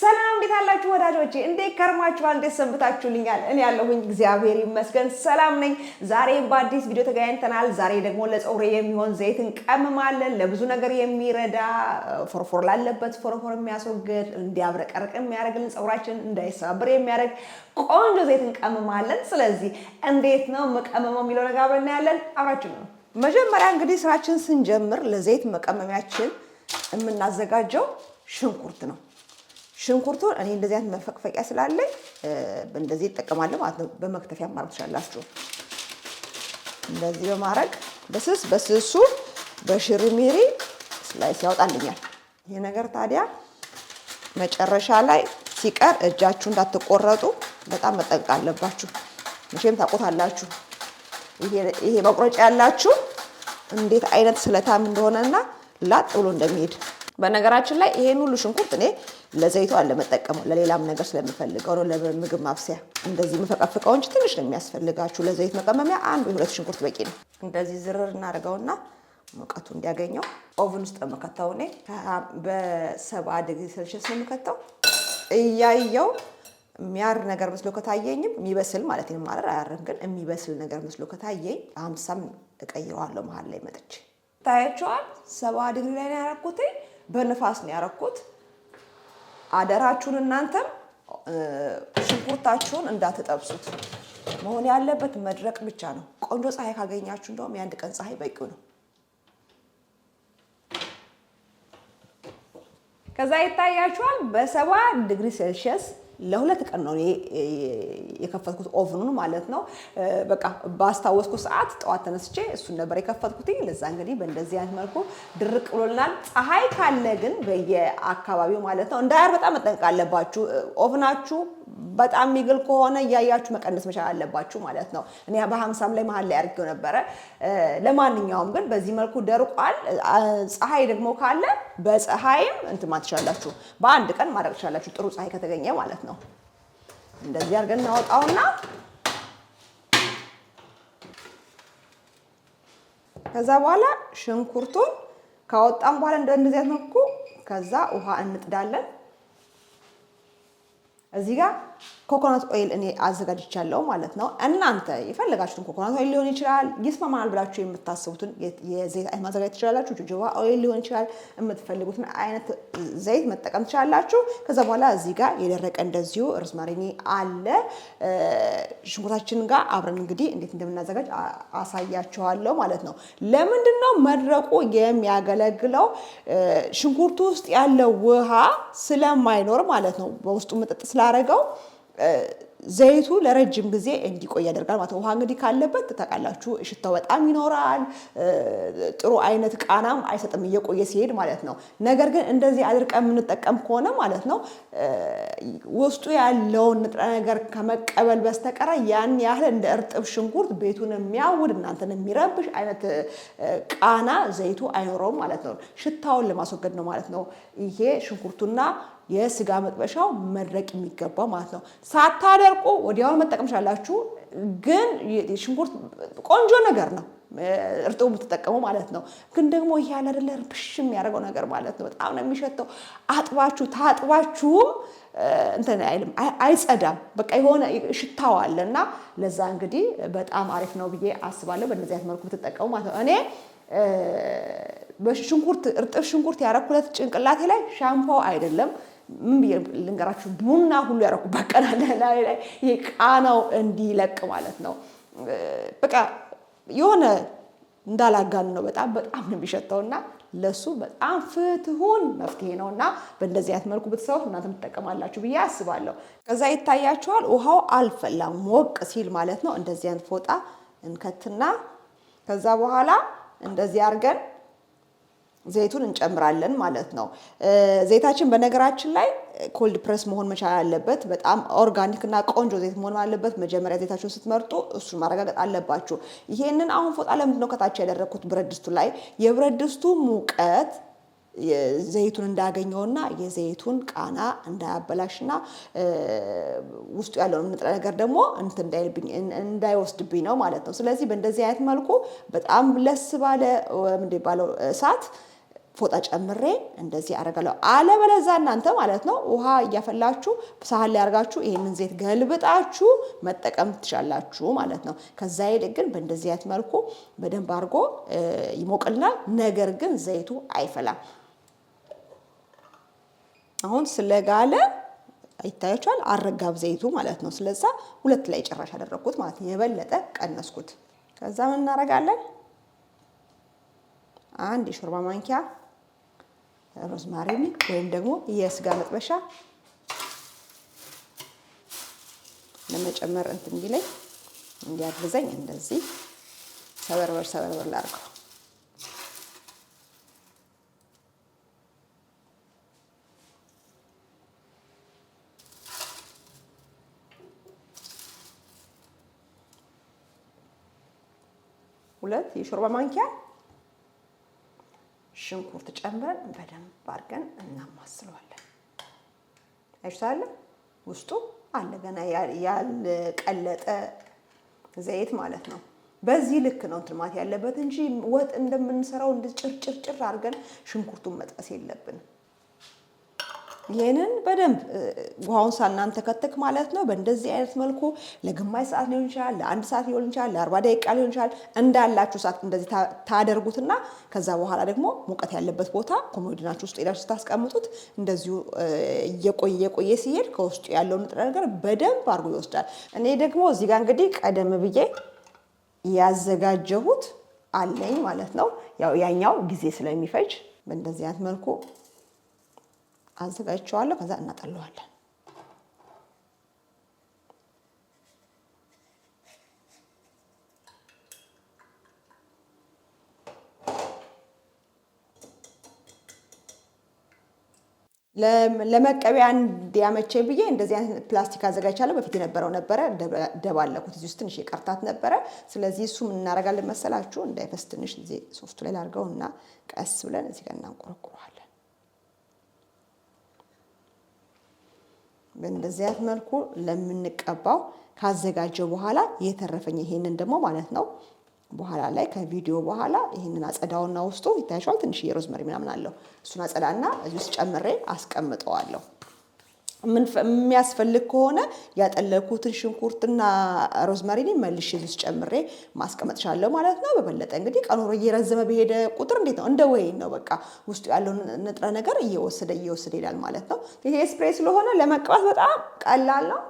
ሰላም እንዴት አላችሁ ወዳጆቼ? እንዴት ከርማችኋል? እንዴት ሰንብታችሁልኛል? እኔ ያለሁኝ እግዚአብሔር ይመስገን ሰላም ነኝ። ዛሬም በአዲስ ቪዲዮ ተገናኝተናል። ዛሬ ደግሞ ለፀጉሬ የሚሆን ዘይት እንቀምማለን። ለብዙ ነገር የሚረዳ ፎርፎር ላለበት ፎርፎር የሚያስወግድ እንዲያብረቀርቅ የሚያደርግልን ፀጉራችን እንዳይሰባብር የሚያደርግ ቆንጆ ዘይት እንቀምማለን። ስለዚህ እንዴት ነው መቀመመው የሚለው ነገር አብረን እናያለን። አብራችሁ ነው። መጀመሪያ እንግዲህ ስራችን ስንጀምር ለዘይት መቀመሚያችን የምናዘጋጀው ሽንኩርት ነው። ሽንኩርቱን እኔ እንደዚህ አይነት መፈቅፈቂያ ስላለኝ እንደዚህ ይጠቀማለሁ ማለት ነው። በመክተፊያ ማድረግ ትችላላችሁ። እንደዚህ በማድረግ በስስ በስሱ በሽርሚሪ ስላይስ ያወጣልኛል። ይህ ነገር ታዲያ መጨረሻ ላይ ሲቀር እጃችሁ እንዳትቆረጡ በጣም መጠንቀቅ አለባችሁ። መቼም ታውቁታላችሁ። ይሄ መቁረጫ ያላችሁ እንዴት አይነት ስለታም እንደሆነና ላጥ ብሎ እንደሚሄድ በነገራችን ላይ ይሄን ሁሉ ሽንኩርት እኔ ለዘይቱ አለመጠቀመው ለሌላም ነገር ስለምፈልገው ነው። ለምግብ ማብሰያ እንደዚህ የምፈቀፍቀው እንጂ ትንሽ ነው የሚያስፈልጋችሁ። ለዘይት መቀመሚያ አንድ ወይ ሁለት ሽንኩርት በቂ ነው። እንደዚህ ዝርር እናደርገውና ሙቀቱ እንዲያገኘው ኦቭን ውስጥ የምከተው እኔ በሰባ ዲግሪ ሴልሽስ ነው የምከተው። እያየው የሚያር ነገር መስሎ ከታየኝም የሚበስል ማለት ነው። ማረር አያርም፣ ግን የሚበስል ነገር መስሎ ከታየኝ ሀምሳም እቀይረዋለሁ። መሀል ላይ መጥቼ ታያቸዋል። ሰባ ዲግሪ ላይ ነው ያረኩት። በንፋስ ነው ያረኩት። አደራችሁን እናንተም ሽንኩርታችሁን እንዳትጠብሱት። መሆን ያለበት መድረቅ ብቻ ነው። ቆንጆ ፀሐይ ካገኛችሁ እንደውም የአንድ ቀን ፀሐይ በቂው ነው። ከዛ ይታያችኋል በሰባ ዲግሪ ሴልሺየስ ለሁለት ቀን ነው የከፈትኩት ኦቭኑን ማለት ነው። በቃ ባስታወስኩ ሰዓት ጠዋት ተነስቼ እሱን ነበር የከፈትኩት። ለዛ እንግዲህ በእንደዚህ አይነት መልኩ ድርቅ ብሎልናል። ፀሐይ ካለ ግን በየአካባቢው ማለት ነው እንዳያር በጣም መጠንቀቅ አለባችሁ። ኦቭናችሁ በጣም የሚግል ከሆነ እያያችሁ መቀነስ መቻል አለባችሁ ማለት ነው። እኔ በሀምሳም ላይ መሀል ላይ አድርጌው ነበረ። ለማንኛውም ግን በዚህ መልኩ ደርቋል። ፀሐይ ደግሞ ካለ በፀሐይም እንትማ ትችላላችሁ። በአንድ ቀን ማድረግ ትችላላችሁ፣ ጥሩ ፀሐይ ከተገኘ ማለት ነው። ነው። እንደዚህ አድርገን እናወጣውና ከዛ በኋላ ሽንኩርቱን ካወጣን በኋላ እንደዚህ አይነት ከዛ ውሃ እንጥዳለን እዚህ ጋር ኮኮናት ኦይል እኔ አዘጋጅቻለሁ ማለት ነው። እናንተ የፈለጋችሁትን ኮኮናት ኦይል ሊሆን ይችላል፣ ይስማማል ብላችሁ የምታስቡትን የዘይት አይነት ማዘጋጀት ትችላላችሁ። ጆጆባ ኦይል ሊሆን ይችላል። የምትፈልጉትን አይነት ዘይት መጠቀም ትችላላችሁ። ከዛ በኋላ እዚህ ጋር የደረቀ እንደዚሁ ሮዝማሪኒ አለ። ሽንኩርታችን ጋር አብረን እንግዲህ እንዴት እንደምናዘጋጅ አሳያችኋለሁ ማለት ነው። ለምንድን ነው መድረቁ የሚያገለግለው? ሽንኩርቱ ውስጥ ያለው ውሃ ስለማይኖር ማለት ነው። በውስጡ መጠጥ ስላረገው ዘይቱ ለረጅም ጊዜ እንዲቆይ ያደርጋል ማለት ነው። ውሃ እንግዲህ ካለበት ታውቃላችሁ፣ ሽታው በጣም ይኖራል። ጥሩ አይነት ቃናም አይሰጥም እየቆየ ሲሄድ ማለት ነው። ነገር ግን እንደዚህ አድርቀን የምንጠቀም ከሆነ ማለት ነው ውስጡ ያለውን ንጥረ ነገር ከመቀበል በስተቀረ ያን ያህል እንደ እርጥብ ሽንኩርት ቤቱን የሚያውድ እናንተን የሚረብሽ አይነት ቃና ዘይቱ አይኖረውም ማለት ነው። ሽታውን ለማስወገድ ነው ማለት ነው ይሄ ሽንኩርቱና የስጋ መጥበሻው መድረቅ የሚገባው ማለት ነው። ሳታደርቁ ወዲያውን መጠቀም ቻላችሁ፣ ግን ሽንኩርት ቆንጆ ነገር ነው እርጥቡ የምትጠቀሙ ማለት ነው። ግን ደግሞ ይሄ ያለ አይደለ ርብሽ የሚያደርገው ነገር ማለት ነው። በጣም ነው የሚሸተው። አጥባችሁ ታጥባችሁም እንትን አይልም አይጸዳም። በቃ የሆነ ሽታው አለ እና ለዛ እንግዲህ በጣም አሪፍ ነው ብዬ አስባለሁ። በእነዚህ አይነት መልኩ ብትጠቀሙ ማለት ነው። እኔ በሽንኩርት እርጥብ ሽንኩርት ያረኩለት ጭንቅላቴ ላይ ሻምፖ አይደለም ምን ልንገራችሁ፣ ቡና ሁሉ ያረኩበት ቀን አለ። ላይ ላይ ይሄ ቃናው እንዲለቅ ማለት ነው። በቃ የሆነ እንዳላጋን ነው። በጣም በጣም ነው የሚሸተውና ለሱ በጣም ፍትሁን መፍትሄ ነው እና በእንደዚህ አይነት መልኩ ብትሰሩት እናንተም ትጠቀማላችሁ ብዬ አስባለሁ። ከዛ ይታያችኋል፣ ውሃው አልፈላም ሞቅ ሲል ማለት ነው። እንደዚህ አይነት ፎጣ እንከትና ከዛ በኋላ እንደዚህ አድርገን ዘይቱን እንጨምራለን ማለት ነው። ዘይታችን በነገራችን ላይ ኮልድ ፕረስ መሆን መቻል አለበት። በጣም ኦርጋኒክ እና ቆንጆ ዘይት መሆን አለበት። መጀመሪያ ዘይታችሁን ስትመርጡ እሱን ማረጋገጥ አለባችሁ። ይሄንን አሁን ፎጣ ለምንድነው ከታች ያደረግኩት? ብረት ድስቱ ላይ የብረት ድስቱ ሙቀት ዘይቱን እንዳያገኘውና የዘይቱን ቃና እንዳያበላሽና ውስጡ ያለውን ንጥረ ነገር ደግሞ እንዳይወስድብኝ ነው ማለት ነው። ስለዚህ በእንደዚህ አይነት መልኩ በጣም ለስ ባለ ምንድን ባለው እሳት ፎጣ ጨምሬ እንደዚህ አደርጋለሁ። አለበለዛ እናንተ ማለት ነው ውሃ እያፈላችሁ ሳህን ላይ አድርጋችሁ ይህንን ዘይት ገልብጣችሁ መጠቀም ትችላላችሁ ማለት ነው። ከዛ ይልቅ ግን በእንደዚህ አይነት መልኩ በደንብ አድርጎ ይሞቅልናል። ነገር ግን ዘይቱ አይፈላም። አሁን ስለጋለ ይታያችኋል፣ አረጋብ ዘይቱ ማለት ነው። ስለዛ ሁለት ላይ ጭራሽ ያደረግኩት ማለት ነው፣ የበለጠ ቀነስኩት። ከዛ ምን እናደርጋለን? አንድ የሾርባ ማንኪያ ሮዝማሪን ወይም ደግሞ የስጋ መጥበሻ ለመጨመር እንትን ቢለኝ እንዲያግዘኝ እንደዚህ ሰበርበር ሰበርበር ላድርገው። ሁለት የሾርባ ማንኪያ ሽንኩርት ጨምረን በደንብ አድርገን እናማስለዋለን። አይሻለ ውስጡ አለ ገና ያልቀለጠ ዘይት ማለት ነው። በዚህ ልክ ነው እንትን ማለት ያለበት እንጂ ወጥ እንደምንሰራው እንደ ጭር አድርገን ሽንኩርቱን መጥበስ የለብንም። ይህንን በደንብ ውሃውን ሳናንተከትክ ማለት ነው። በእንደዚህ አይነት መልኩ ለግማሽ ሰዓት ሊሆን ይችላል፣ ለአንድ ሰዓት ሊሆን ይችላል፣ ለአርባ ደቂቃ ሊሆን ይችላል። እንዳላችሁ ሰዓት እንደዚህ ታደርጉትና ከዛ በኋላ ደግሞ ሙቀት ያለበት ቦታ ኮሞዲናችሁ ውስጥ ሄዳችሁ ስታስቀምጡት እንደዚሁ እየቆየ እየቆየ ሲሄድ ከውስጡ ያለውን ንጥረ ነገር በደንብ አድርጎ ይወስዳል። እኔ ደግሞ እዚህ ጋር እንግዲህ ቀደም ብዬ ያዘጋጀሁት አለኝ ማለት ነው። ያው ያኛው ጊዜ ስለሚፈጅ በእንደዚህ አይነት መልኩ አዘጋጅቸዋለሁ። ከዛ እናጠለዋለን። ለመቀበያ እንዲያመቸ ብዬ እንደዚህ አይነት ፕላስቲክ አዘጋጅቻለሁ። በፊት የነበረው ነበረ ደባለኩት፣ እዚህ ውስጥ ትንሽ የቀርታት ነበረ። ስለዚህ እሱ ምን እናደርጋለን መሰላችሁ እንዳይፈስ ትንሽ ሶፍቱ ላይ እና ቀስ ብለን እዚህ ጋር እናንቆረቁረዋለን። በእንደዚህ መልኩ ለምንቀባው ካዘጋጀው በኋላ የተረፈኝ ይሄንን ደግሞ ማለት ነው በኋላ ላይ ከቪዲዮ በኋላ ይህንን አጸዳውና ውስጡ ይታያችኋል። ትንሽ የሮዝመሪ ምናምን አለው። እሱን አጸዳና እዚህ ውስጥ ጨምሬ አስቀምጠዋለሁ። የሚያስፈልግ ከሆነ ያጠለኩትን ሽንኩርትና ሮዝመሪን መልሽ ውስጥ ጨምሬ ማስቀመጥ ቻለሁ ማለት ነው። በበለጠ እንግዲህ ቀኖሮ እየረዘመ በሄደ ቁጥር እንዴት ነው እንደ ወይን ነው በቃ ውስጡ ያለውን ንጥረ ነገር እየወሰደ እየወሰደ ይላል ማለት ነው። ይሄ ስፕሬ ስለሆነ ለመቀባት በጣም ቀላል ነው።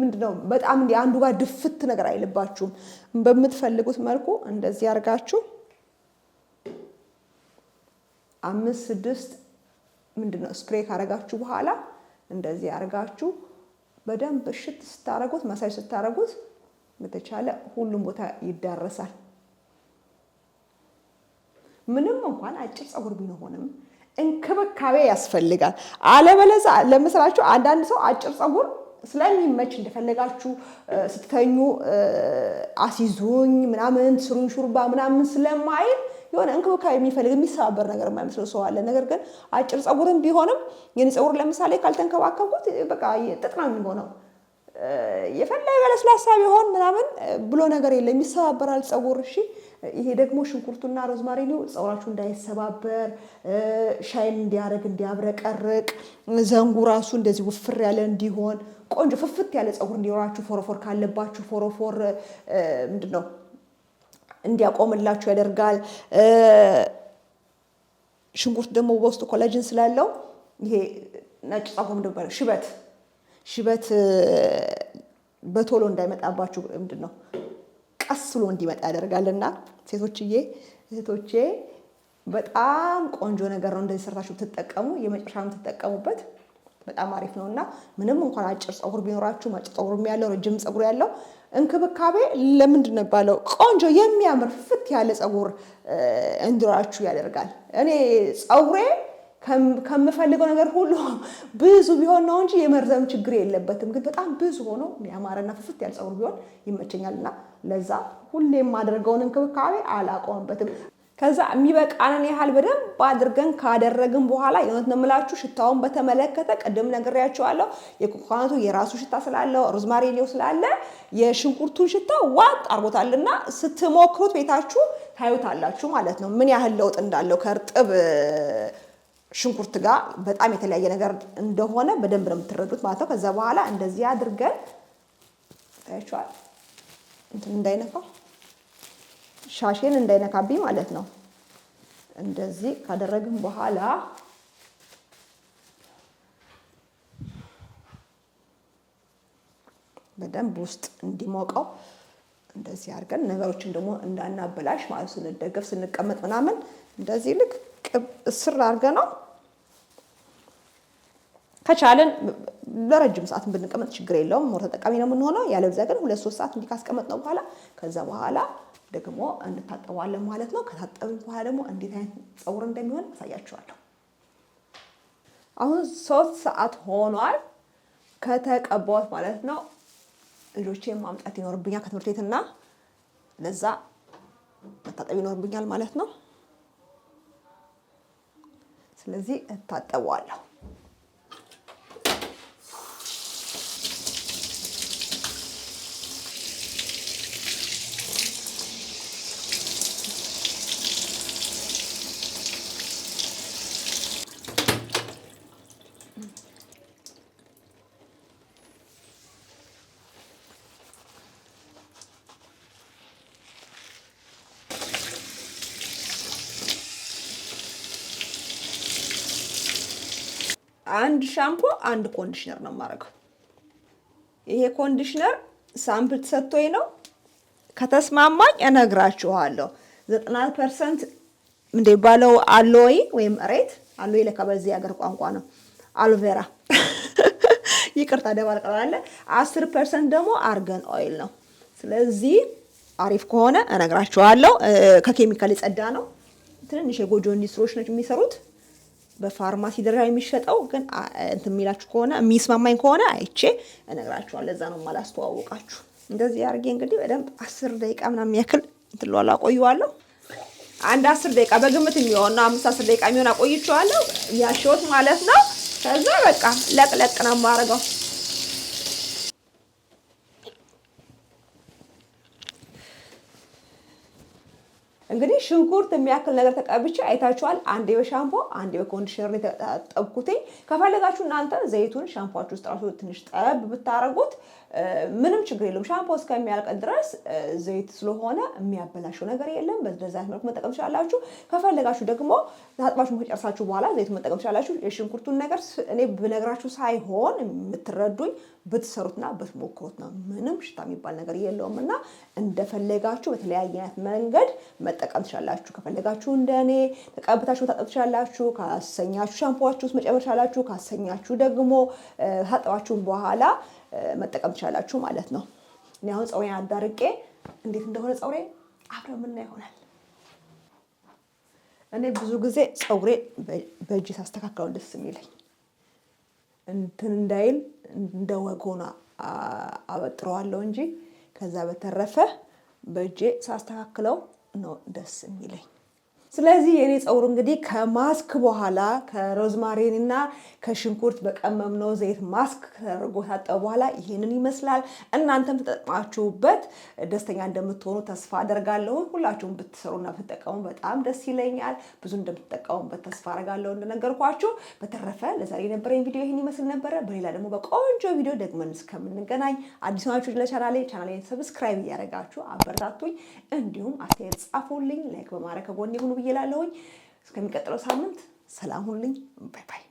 ምንድነው በጣም እንዲህ አንዱ ጋር ድፍት ነገር አይልባችሁም። በምትፈልጉት መልኩ እንደዚህ አድርጋችሁ አምስት ስድስት ምንድነው ስፕሬ ካረጋችሁ በኋላ እንደዚህ አድርጋችሁ በደንብ እሽት ስታረጉት መሳጅ ስታረጉት በተቻለ ሁሉም ቦታ ይዳረሳል። ምንም እንኳን አጭር ፀጉር ቢሆንም እንክብካቤ ያስፈልጋል። አለበለዛ ለምስራችሁ አንዳንድ ሰው አጭር ፀጉር ስለሚመች እንደፈለጋችሁ ስትተኙ አሲዙኝ ምናምን ስሩኝ ሹርባ ምናምን ስለማይል የሆነ እንክብካቤ የሚፈልግ የሚሰባበር ነገር የማይመስለው ሰው አለ። ነገር ግን አጭር ፀጉርም ቢሆንም የኔ ፀጉር ለምሳሌ ካልተንከባከብኩት በቃ ጥጥ ነው የሚሆነው። የፈለገ ለስላሳ ቢሆን ምናምን ብሎ ነገር የለም ይሰባበራል ፀጉር። እሺ ይሄ ደግሞ ሽንኩርቱና ሮዝማሪ ነው። ፀጉራችሁ እንዳይሰባበር ሻይን እንዲያደርግ እንዲያብረቀርቅ፣ ዘንጉ ራሱ እንደዚህ ውፍር ያለ እንዲሆን ቆንጆ ፍፍት ያለ ፀጉር እንዲኖራችሁ ፎረፎር ካለባችሁ ፎረፎር ምንድን ነው እንዲያቆምላችሁ ያደርጋል። ሽንኩርት ደግሞ በውስጡ ኮላጅን ስላለው ይሄ ነጭ ጸጉም ድንበር ሽበት ሽበት በቶሎ እንዳይመጣባችሁ ምንድን ነው ቀስ ብሎ እንዲመጣ እና ሴቶችዬ፣ እህቶቼ በጣም ቆንጆ ነገር ነው። እንደዚህ ሰርታችሁ ትጠቀሙ የመጨረሻ ትጠቀሙበት በጣም አሪፍ ነው እና ምንም እንኳን አጭር ጸጉር ቢኖራችሁ አጭር ጸጉር ያለው ረጅም ጸጉር ያለው እንክብካቤ ለምንድን ነው የሚባለው? ቆንጆ የሚያምር ፍት ያለ ፀጉር እንዲኖራችሁ ያደርጋል። እኔ ፀጉሬ ከምፈልገው ነገር ሁሉ ብዙ ቢሆን ነው እንጂ የመርዘም ችግር የለበትም። ግን በጣም ብዙ ሆኖ ያማረና ፍፍት ያለ ፀጉር ቢሆን ይመቸኛልና ለዛ ሁሌ የማደርገውን እንክብካቤ አላቆምበትም። ከዛ የሚበቃንን ያህል በደንብ አድርገን ካደረግን በኋላ የእውነት ነው የምላችሁ ሽታውን በተመለከተ ቅድም ነግሬያቸዋለሁ። የኮኮናቱ የራሱ ሽታ ስላለው ሮዝማሪ ስላለ የሽንኩርቱን ሽታ ዋጥ አርጎታልና ስትሞክሩት ቤታችሁ ታዩታላችሁ ማለት ነው ምን ያህል ለውጥ እንዳለው ከእርጥብ ሽንኩርት ጋር በጣም የተለያየ ነገር እንደሆነ በደንብ ነው የምትረዱት ማለት ነው። ከዛ በኋላ እንደዚህ አድርገን ታያቸዋል እንትን እንዳይነፋው ሻሼን እንዳይነካብኝ ማለት ነው። እንደዚህ ካደረግን በኋላ በደንብ ውስጥ እንዲሞቀው እንደዚህ አድርገን ነገሮችን ደግሞ እንዳናበላሽ ማለት ስንደገፍ ስንቀመጥ ምናምን እንደዚህ ልክ እስር አድርገ ነው ከቻለን ለረጅም ሰዓት ብንቀመጥ ችግር የለውም፣ ሞር ተጠቃሚ ነው የምንሆነው። ያለብዛ ግን ሁለት ሶስት ሰዓት እንዲህ ካስቀመጥነው በኋላ ከዛ በኋላ ደግሞ እንታጠበዋለን ማለት ነው። ከታጠብን በኋላ ደግሞ እንዴት አይነት ፀጉር እንደሚሆን አሳያችኋለሁ። አሁን ሶስት ሰዓት ሆኗል ከተቀባሁት ማለት ነው። ልጆቼ ማምጣት ይኖርብኛል ከትምህርት ቤትና ለዛ መታጠብ ይኖርብኛል ማለት ነው። ስለዚህ እታጠበዋለሁ። አንድ ሻምፖ አንድ ኮንዲሽነር ነው የማደርገው። ይሄ ኮንዲሽነር ሳምፕል ተሰጥቶኝ ነው። ከተስማማኝ እነግራችኋለሁ። ዘጠና ፐርሰንት እንደ ባለው አሎይ ወይም ሬት አሎይ ለካ በዚህ ሀገር ቋንቋ ነው አልቬራ ይቅርታ ደባልቀላለ። አስር ፐርሰንት ደግሞ አርገን ኦይል ነው። ስለዚህ አሪፍ ከሆነ እነግራችኋለሁ። ከኬሚካል የጸዳ ነው። ትንንሽ የጎጆ ኢንዱስትሪዎች ነው የሚሰሩት። በፋርማሲ ደረጃ የሚሸጠው ግን እንትን የሚላችሁ ከሆነ የሚስማማኝ ከሆነ አይቼ እነግራችኋል። ለዛ ነው ማላስተዋወቃችሁ። እንደዚህ አድርጌ እንግዲህ በደንብ አስር ደቂቃ ምናምን ያክል እንትን ለዋላ አቆየዋለሁ። አንድ አስር ደቂቃ በግምት የሚሆን ነው አምስት አስር ደቂቃ የሚሆን አቆይቼዋለሁ። ያሸወት ማለት ነው። ከዛ በቃ ለቅለቅ ነው የማደርገው ሽንኩርት የሚያክል ነገር ተቀብቼ አይታችኋል። አንዴ በሻምፖ አንዴ በኮንዲሽነር የተጠብኩት። ከፈለጋችሁ እናንተ ዘይቱን ሻምፖችሁ ውስጥ ራሱ ትንሽ ጠብ ብታረጉት ምንም ችግር የለም። ሻምፖ እስከሚያልቅ ድረስ ዘይት ስለሆነ የሚያበላሸው ነገር የለም። በዛ መልኩ መጠቀም ትችላላችሁ። ከፈለጋችሁ ደግሞ ታጥባችሁ ከጨርሳችሁ በኋላ ዘይቱ መጠቀም ትችላላችሁ። የሽንኩርቱን ነገር እኔ ብነግራችሁ ሳይሆን የምትረዱኝ ብትሰሩትና ብትሞክሩት ነው። ምንም ሽታ የሚባል ነገር የለውም እና እንደፈለጋችሁ በተለያየ አይነት መንገድ መጠቀም ትችላላችሁ። ከፈለጋችሁ እንደ እኔ ተቀብታችሁ ታጠብ ትችላላችሁ። ካሰኛችሁ ሻምፖዋችሁ ውስጥ መጨመር ትችላላችሁ። ካሰኛችሁ ደግሞ ታጠባችሁን በኋላ መጠቀም ትችላላችሁ ማለት ነው። እኔ አሁን ፀጉሬን አዳርቄ እንዴት እንደሆነ ፀውሬ አብረን ምና ይሆናል። እኔ ብዙ ጊዜ ፀጉሬ በእጅ ሳስተካክለው ደስ የሚለኝ እንትን እንዳይል እንደ ወጎና አበጥረዋለሁ እንጂ ከዛ በተረፈ በእጄ ሳስተካክለው ነው ደስ የሚለኝ። ስለዚህ የእኔ ፀጉር እንግዲህ ከማስክ በኋላ ከሮዝማሪን እና ከሽንኩርት በቀመምነው ዘይት ማስክ ተደርጎ ታጠበ በኋላ ይህንን ይመስላል። እናንተም ተጠቅማችሁበት ደስተኛ እንደምትሆኑ ተስፋ አደርጋለሁ። ሁላችሁም ብትሰሩና ብትጠቀሙ በጣም ደስ ይለኛል። ብዙ እንደምትጠቀሙበት ተስፋ አደርጋለሁ እንደነገርኳችሁ። በተረፈ ለዛሬ የነበረኝ ቪዲዮ ይህን ይመስል ነበረ። በሌላ ደግሞ በቆንጆ ቪዲዮ ደግመን እስከምንገናኝ አዲስ ናችሁ ለቻናሌ ቻናሌን ሰብስክራይብ እያደረጋችሁ አበረታቱኝ። እንዲሁም አስተያየት ጻፉልኝ። ላይክ በማድረግ ከጎን ይሁኑ። ብዬ ላለሁኝ። እስከሚቀጥለው ሳምንት ሰላም ሁኑልኝ። ባይ ባይ።